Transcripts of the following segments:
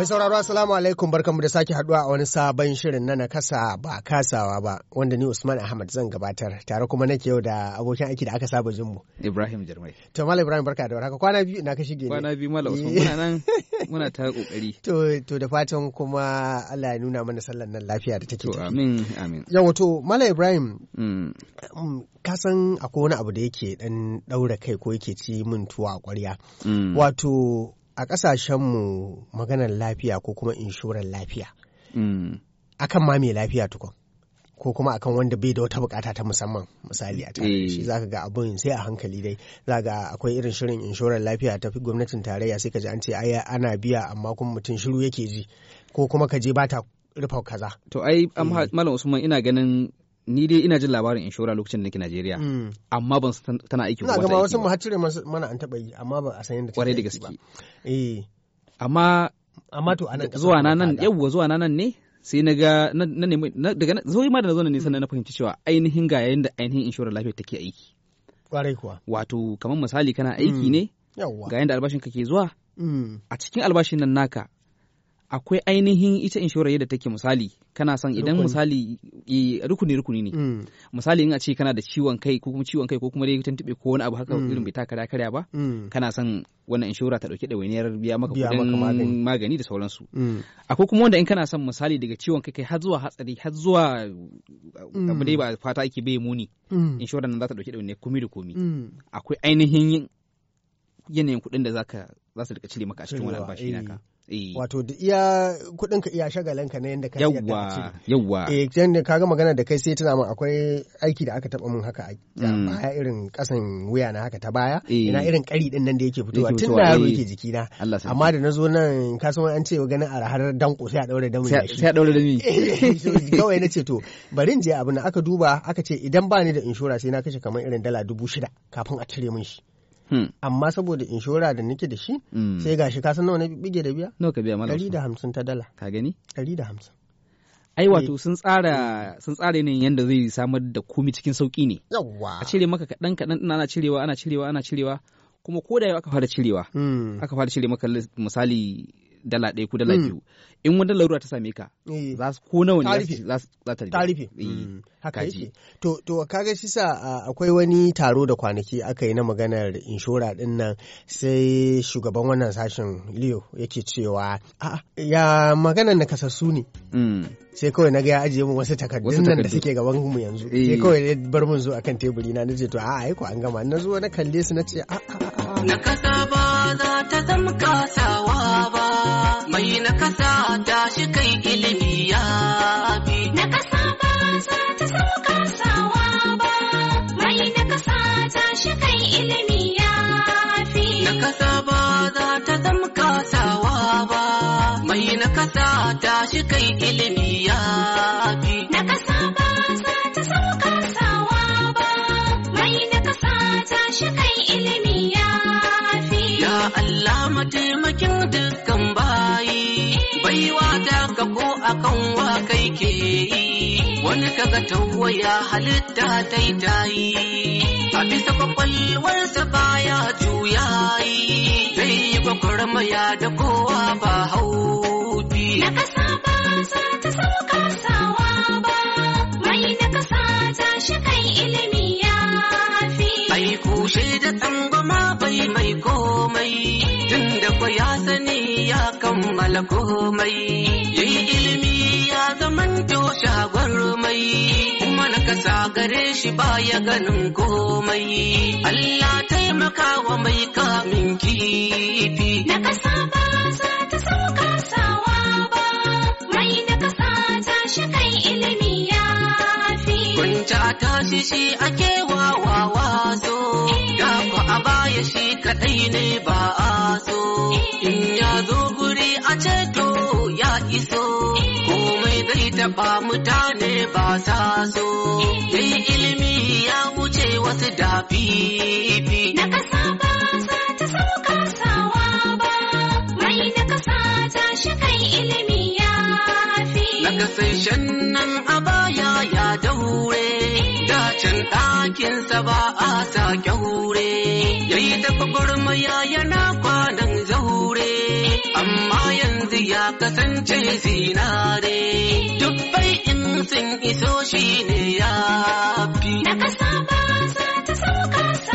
Mai sauraro Assalamu alaikum barkanmu da sake haduwa a wani sabon shirin na nakasa ba kasawa ba wanda ni Usman Ahmad zan gabatar tare kuma nake yau da abokin aiki da aka saba jinmu. Ibrahim Jarmai. To Malam Ibrahim barka da warhaka kwana biyu ina ka shige ne. Kwana biyu Malam Usman eh. muna nan muna ta kokari. To to da fatan kuma Allah ya nuna mana sallan nan lafiya da take. To amin amin. Yau to Malam Ibrahim. Mm. Mm, ka san akwai wani abu da yake dan daura kai ko yake ci min tuwa a ƙwarya. Mm. Wato a ƙasashenmu maganar lafiya ko kuma inshorar lafiya mm. akan ma mai lafiya tukun ko kuma akan wanda bai da wata bukata ta musamman misali a shi eh. zaka ga abun sai a hankali dai za ga akwai irin shirin inshorar lafiya ta gwamnatin tarayya sai ka ji an ce ana biya amma kuma mutum shiru yake ji ko kuma ka je bata rufa kaza to ai eh. malam usman ina ganin ni dai ina jin labarin inshora lokacin da nake Najeriya mm. amma ban san tana aiki ba. Ina wasu mu mana an taɓa yi amma ba a san yadda take aiki ba. Eh. Amma amma to anan zuwa na nan yawwa zuwa na nan ne sai na ga na nemi daga zo ma da na zo ne mm. sannan na fahimci cewa ainihin ga yayin da ainihin inshora lafiya take aiki. Kwarai kuwa. Wato kamar misali kana aiki mm. ne ga yanda da albashin ka ke zuwa a cikin albashin nan naka akwai ainihin ita inshorar yadda take misali kana son idan misali rukuni rukuni ne mm. misali in a ce kana da ciwon kai ko kuma ciwon kai ko kuma dai tuntube ko wani abu haka mm. irin bai taka karya ba mm. kana son wannan inshora ta dauke da wainiyar biya maka kudin magani da sauransu akwai kuma wanda in kana son misali daga ciwon kai kai har zuwa hatsari har zuwa abu dai ba fata ake bai muni inshorar nan za ta dauke da ɗawainiyar komi da komi akwai ainihin yanayin kuɗin da zaka za su rika cire maka a cikin wani albashi naka eh. Eh. wato da iya kudin ka iya shagalin ka na yanda ka yawwa yawwa eh dan ka ga magana da kai sai tana min akwai aiki da aka taba mun haka a mm. baya irin kasan wuya na haka ta baya eh. ina irin kari din nan da yake fitowa tun da yaro eh. yake jiki na amma da nazo nan ka san an ce ganin arhar danko sai a daure da mu sai a daure da mi kawai na ce to bari je abin aka duba aka ce idan ba ni da inshora sai na kashe kamar irin dala dubu shida kafin a cire mun shi Hmm. amma saboda inshora da nake da shi hmm. sai gashi ka san nawa na bige da biya nawa ka biya mala hamsin ta dala ka gani hamsin ai wato eh. sun tsara sun tsara yanayin yanda zai samar da komi cikin sauki ne yawa a cire maka kaɗan kaɗan ina ana cirewa ana cirewa ana cirewa kuma ko da yau aka fara cirewa hmm. aka fara cire maka misali dala ɗaya ko dala mm. biyu in wani larura ta same ka mm. za su ko nawa ne za ta Tarife. Eh, mm. haka yake to to kaga shi sa akwai wani taro da kwanaki aka yi na maganar inshora din nan sai shugaban wannan sashen Leo yake cewa ya maganar na kasassu ne sai kawai na ga ya ajiye mu wasu takardun nan da suke gaban mu yanzu eh. sai kawai ya bar mun zo akan teburi na nace to a ai ko an gama na zo na kalle su na ce a a. na kasa ba za ta zama kasawa ba akwai na kasa shi kai ilimi ya fi. Na kasa ba za ta samu kasawa ba, mai na kasa shi kai ilimi ya fi. Na kasa ba za ta zamka kasawa ba, mai na kasa shi kai ilimi ya fi. Na kasa ba za ta samu kasawa ba, mai na kasa shi kai ilimi ya fi. Ya Allah mataimakin duk baiwa ta ko akan wa kai ke yi wani kaga tawaya halitta ta yi ta yi a bisa kwakwalwarsa baya juya yi zai yi maya da kowa ba hauti na kasa ba ta sauka sawa na komai yayi ilimi ya zamanto shagwar mai kuma na kasa gare shi baya ganin komai Allah taimaka wa mai kamin kifi na kasa ba za ta sauka sawa ba mai na kasa ta shi kai ilimi ya fi kunta ta shi shi ake wawa wazo eh, baya shi kaɗai ne ba a so. In ya zo guri a ceto ya iso, komai zai taɓa mutane ba sa so. Dai ilimi ya wuce wasu da fifi. Na kasa ba sa ta sauka sawa ba, mai na kasa ta shi kai ilimi ya fi. Na kasashen nan a baya ya daure. can ɗakinsa ba a sake hure. ta gwagwarmaya yana kwanan zaure amma yanzu ya kasance zinare bai in sun iso shi ne ya fi ba za fi da zai kasance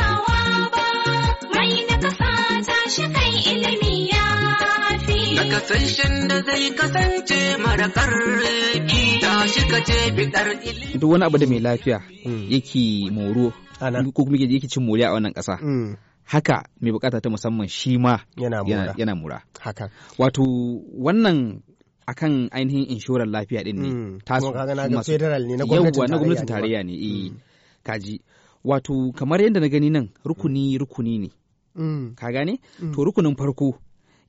duk wani abu da mai lafiya mm. yake moro ko kuma yake cin moriya a wannan ƙasa mm. haka mai bukata ta musamman shi ma yana mura, haka wato wannan akan ainihin inshorar lafiya din ne hmm, ta federal ne na gwamnatin tarayya ne eh hmm. kaji wato kamar yadda na gani nan rukuni rukuni ne hmm. ka gane to rukunin farko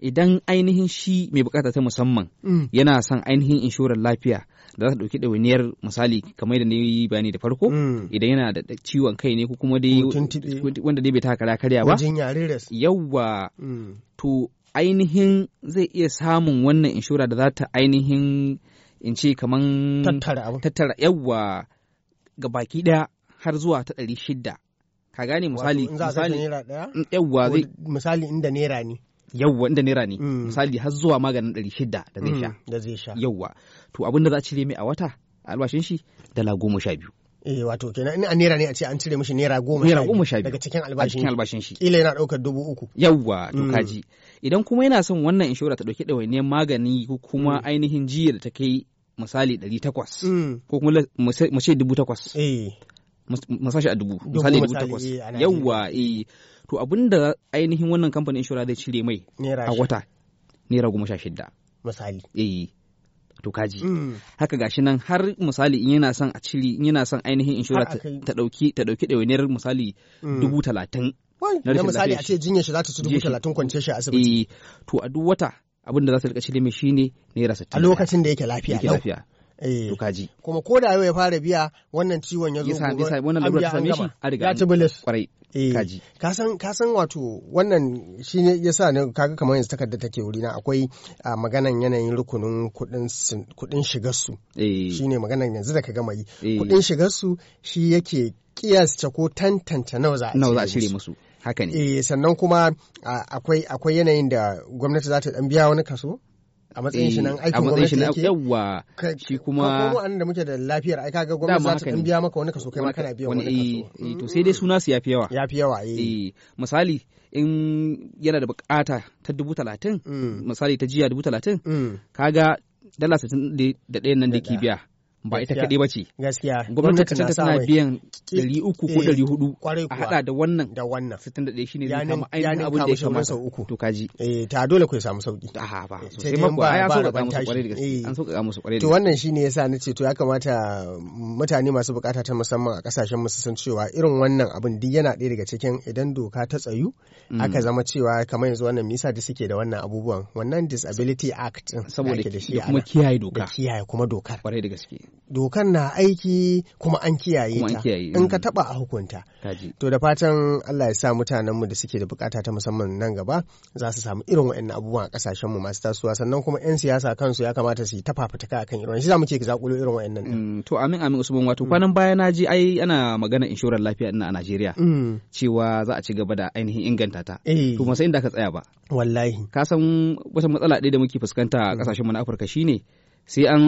idan ainihin shi mai bukata ta musamman mm. yana son ainihin inshorar lafiya da za ta ɗauki ɗawainiyar misali kamar da na yi bayani da farko mm. idan yana da ciwon kai ne ko kuma dai wanda dai bai ta kara karya ba yawwa mm. to ainihin zai iya samun wannan inshora da za ta ainihin in ce kaman tattara yawwa ga baki ɗaya har zuwa ta ɗari shidda ka gane misali misali yawwa zai misali inda naira ne yawwa inda naira ne mm. misali har zuwa maganin ɗari shida da zai mm, sha da zai sha yawwa to abin da za a cire mai a wata albashin shi dala goma sha biyu eh wato kenan in a naira ne a ce an cire mishi naira goma goma sha biyu daga cikin albashin cikin albashin shi kila yana ɗaukar dubu uku yawwa to mm. kaji idan kuma yana son wannan inshora ta ɗauki ɗawainiyar magani ko kuma ainihin jiya da ta kai misali ɗari takwas ko kuma mu ce dubu takwas eh. masashi a dubu misali dubu takwas eh, yawwa eh to abinda ainihin wannan kamfanin inshora zai cire mai a wata naira goma sha shida misali eh to kaji mm. haka gashi nan har misali in yana son a cire in yana son ainihin inshora ta dauki ta dauki dawainiyar misali mm. dubu talatin na misali a ce jinyar shi za ta ci dubu talatin kwance shi a asibiti eh, to a duk wata abin da za su rika cire mai shine naira sittin a lokacin da yake lafiya yake lafiya Eh. kaji kuma ko da yau ya fara biya wannan ciwon ya zo wannan lalura ta same shi a riga ya ci bilis kwarai eh. kaji ka san wato wannan shi ne ya sa kaga kamar yanzu takarda take wuri na akwai maganan yanayin rukunin kudin shigar su eh. Shi ne maganan yanzu da ka gama yi kudin shigar su shi yake kiyasta ko tantance nawa za a shirye musu haka ne eh sannan kuma akwai akwai yanayin da gwamnati za ta dan biya wani kaso a matsayin shi nan eh, aikin gwamnati yake yawa shi kuma ko da muke da lafiyar ai kaga gwamnati za ta biya maka wani kaso kai ma kana biya wani kaso eh, eh, to sai dai suna su yafi yawa yafi yawa eh misali in yana da bukata ta dubu talatin mm. misali ta jiya dubu talatin mm. kaga dala sittin da nan da ke biya ba ita kaɗai ba ce. Gaskiya. Gwamnati ta tana biyan ɗari uku ko eh, ɗari hudu a haɗa da wannan. Da wannan. Sittin da ɗaya shi ne zai kama ainihin abin da ya kamata. To kaji. Eh ta dole ku samu sauki. Aha ba. Eh, sai ma ba ya sauƙaƙa musu ƙwarai da gaske. Eh. An sauƙaƙa musu ƙwarai da gaske. To wannan ya sa na ce to ya kamata mm, mutane masu bukata ta musamman a kasashen mu san cewa irin wannan abin duk yana ɗaya daga cikin idan doka ta tsayu mm. aka zama cewa kamar yanzu wannan misa da suke da wannan abubuwan wannan disability act saboda da kuma kiyaye doka. Da kiyaye kuma dokar. Ƙwarai da gaske. dokan na aiki kuma an kiyaye ta in mm. ka taba a hukunta to da fatan Allah ya sa mutanenmu da suke da bukata ta musamman nan gaba za su samu irin waɗannan abubuwan a kasashen mu masu tasowa sannan kuma yan siyasa kansu ya kamata su yi ta fafutuka akan irin shi za mu ce zakulo irin waɗannan mm, to amin amin usman wato mm. kwanan baya na ji ai ana magana inshorar lafiya ina a Najeriya cewa za a ci gaba da ainihin inganta ta eh. to ba sai inda ka tsaya ba wallahi ka san wata matsala ɗaya da muke fuskanta a kasashen mu na Afirka shine sai an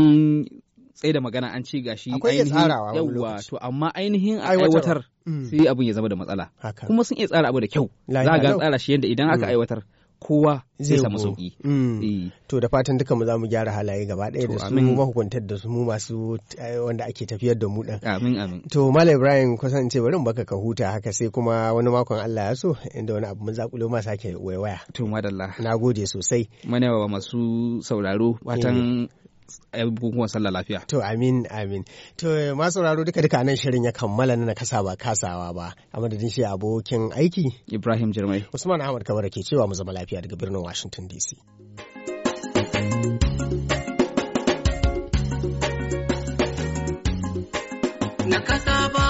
tsaye da magana an ci gashi ainihin yawa to amma ainihin aiwatar mm. sai abin ya zama da matsala kuma sun iya tsara abu da kyau za ga tsara shi yadda idan aka mm. aiwatar kowa zai samu sauki. Mm. Eh. To da fatan duka mu za mu gyara halaye gaba ɗaya da su mu hukuntar da su mu masu eh, wanda ake tafiyar da mu dan. Amin amin. To Malam Ibrahim kusan ce bari in baka ka huta haka sai kuma wani makon Allah ya so inda wani abu mun zakulo ma sake waiwaya. To madalla. Na gode sosai. manewa masu sauraro watan Eh, bukukuwan sallah lafiya. To amin amin. To masu sauraro duka duka nan shirin ya kammala na kasa ba kasawa ba. A madadin shi abokin aiki. Ibrahim Jirmai. Usman Ahmad Kabara ke cewa mu zama lafiya daga birnin Washington DC. Na kasa ba